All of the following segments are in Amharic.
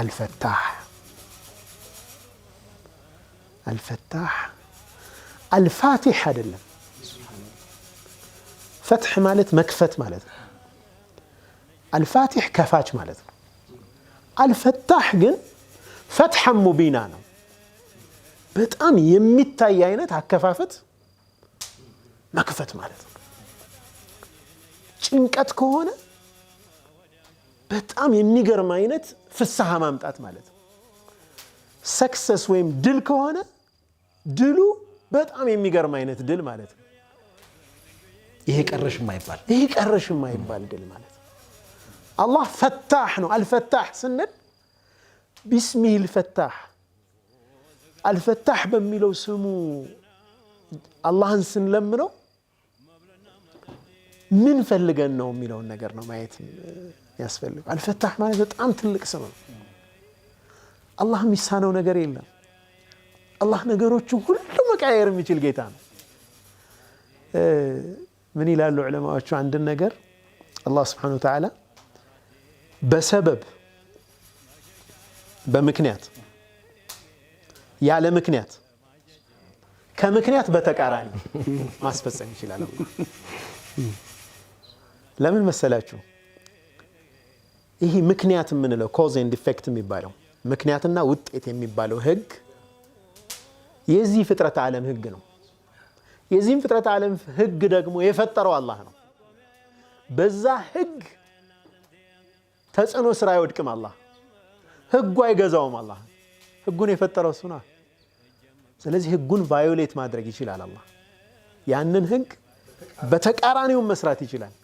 አልፈታህ አልፈታህ አልፋቲህ አይደለም። ፈትሕ ማለት መክፈት ማለት ነው። አልፋቲሕ ከፋች ማለት ነው። አልፈታህ ግን ፈትሐን ሙቢና ነው። በጣም የሚታይ አይነት አከፋፈት መክፈት ማለት ነው። ጭንቀት ከሆነ በጣም የሚገርም አይነት ፍስሐ ማምጣት ማለት ነው። ሰክሰስ ወይም ድል ከሆነ ድሉ በጣም የሚገርም አይነት ድል ማለት ነው። ይሄ ቀረሽ የማይባል ይሄ ቀረሽ የማይባል ድል ማለት ነው። አላህ ፈታህ ነው። አልፈታህ ስንል ቢስሚህ ልፈታህ አልፈታህ በሚለው ስሙ አላህን ስንለምነው ምን ፈልገን ነው የሚለውን ነገር ነው ማየት ያስፈልገው። አልፈታህ ማለት በጣም ትልቅ ስም ነው። አላህ የሚሳነው ነገር የለም። አላህ ነገሮቹ ሁሉ መቃየር የሚችል ጌታ ነው። ምን ይላሉ ዕለማዎቹ? አንድን ነገር አላህ ስብሓነሁ ወተዓላ በሰበብ በምክንያት ያለ ምክንያት ከምክንያት በተቃራኒ ማስፈጸም ይችላል። ለምን መሰላችሁ? ይህ ምክንያት የምንለው ኮዝ ኤንድ ኢፌክት የሚባለው ምክንያትና ውጤት የሚባለው ህግ የዚህ ፍጥረት ዓለም ህግ ነው። የዚህም ፍጥረት ዓለም ህግ ደግሞ የፈጠረው አላህ ነው። በዛ ህግ ተጽዕኖ ስራ አይወድቅም። አላህ ህጉ አይገዛውም። አላህ ህጉን የፈጠረው እሱ ነው። ስለዚህ ህጉን ቫዮሌት ማድረግ ይችላል። አላህ ያንን ህግ በተቃራኒውም መስራት ይችላል።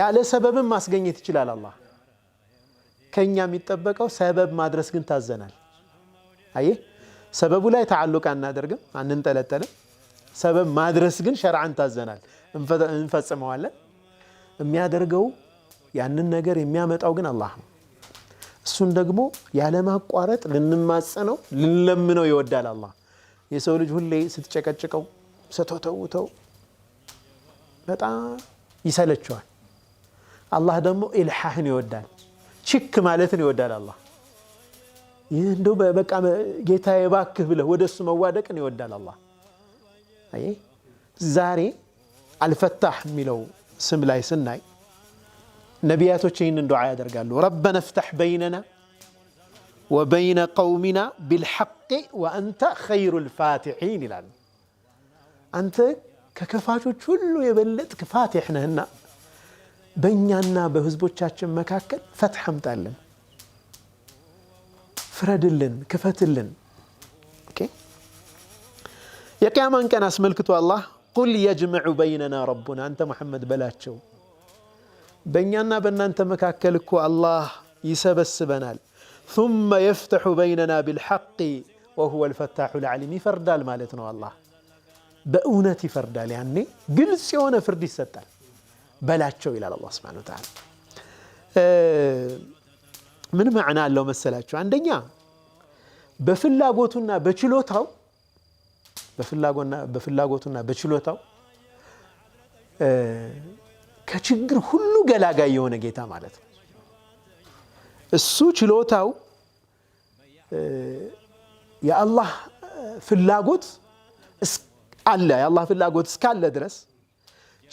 ያለ ሰበብም ማስገኘት ይችላል አላህ ከኛ የሚጠበቀው ሰበብ ማድረስ ግን ታዘናል። አየ ሰበቡ ላይ ተዓሉቅ አናደርግም፣ አንንጠለጠልም። ሰበብ ማድረስ ግን ሸርዓን ታዘናል፣ እንፈጽመዋለን። የሚያደርገው ያንን ነገር የሚያመጣው ግን አላህ ነው። እሱን ደግሞ ያለማቋረጥ ልንማጸነው ልንለምነው ይወዳል አላህ። የሰው ልጅ ሁሌ ስትጨቀጭቀው ስትተውተው በጣም ይሰለችዋል። አላህ ደግሞ ኢልሓህን ይወዳል። ችክ ማለትን ይወዳል አላ ይህ እንደው በቃ ጌታ እባክህ ብለህ ወደ እሱ መዋደቅን ይወዳል አላ። ዛሬ አልፈታህ የሚለው ስም ላይ ስናይ ነቢያቶች ይህንን ዱዓ ያደርጋሉ። ረበና ፍታሕ በይነና ወበይነ ቀውሚና ቢልሐቅ ወአንተ ኸይሩል ፋቲሒን ይላል። አንተ ከከፋቾች ሁሉ የበለጥክ ፋቲሕ ነህና በእኛና በህዝቦቻችን መካከል ፈትሕ አምጣልን፣ ፍረድልን፣ ክፈትልን። የቅያማን ቀን አስመልክቶ አላህ ቁል የጅምዑ በይነና ረቡና፣ አንተ ሙሐመድ በላቸው በእኛና በእናንተ መካከል እኮ አላህ ይሰበስበናል። ثመ የፍተሑ በይነና ቢልሐቅ ወሁወ ልፈታሑ ልዓሊም። ይፈርዳል ማለት ነው። አላህ በእውነት ይፈርዳል። ያኔ ግልጽ የሆነ ፍርድ ይሰጣል። በላቸው ይላል አላህ ሱብሓነሁ ወተዓላ። ምን ማዕና አለው መሰላቸው? አንደኛ በፍላጎቱና በችሎታው በፍላጎቱና በችሎታው ከችግር ሁሉ ገላጋይ የሆነ ጌታ ማለት ነው። እሱ ችሎታው የአላህ ፍላጎት አለ። የአላህ ፍላጎት እስካለ ድረስ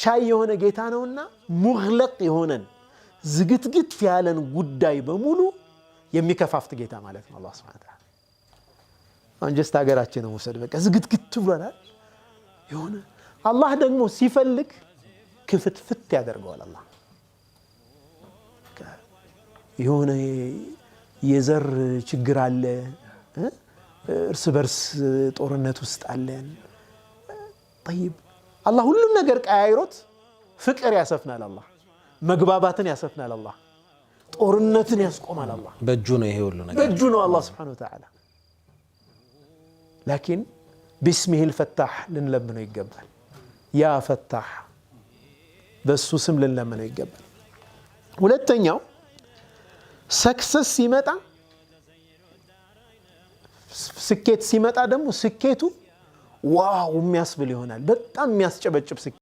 ቻይ የሆነ ጌታ ነውና ሙግለቅ የሆነን ዝግትግት ያለን ጉዳይ በሙሉ የሚከፋፍት ጌታ ማለት ነው። አላህ ሱብሓነሁ ወተዓላ አንጀስት ሀገራችን ውሰድ። በቃ ዝግትግት ብሏል የሆነ አላህ ደግሞ ሲፈልግ ክፍትፍት ያደርገዋል። አላህ የሆነ የዘር ችግር አለ፣ እርስ በርስ ጦርነት ውስጥ አለን። ጠይብ አላህ ሁሉም ነገር ቀያይሮት ፍቅር ያሰፍናል። አላህ መግባባትን ያሰፍናል። አላህ ጦርነትን ያስቆማል። አላህ በእጁ ነው ይሄ ሁሉ ነገር በእጁ ነው አላህ ስብሓነሁ ወተዓላ። ላኪን ቢስሚሂል ፈታሕ ልንለምነው ይገባል። ያ ፈታህ በእሱ ስም ልንለምነው ይገባል። ሁለተኛው ሰክሰስ ሲመጣ ስኬት ሲመጣ ደግሞ ስኬቱ ዋው የሚያስብል ይሆናል። በጣም የሚያስጨበጭብ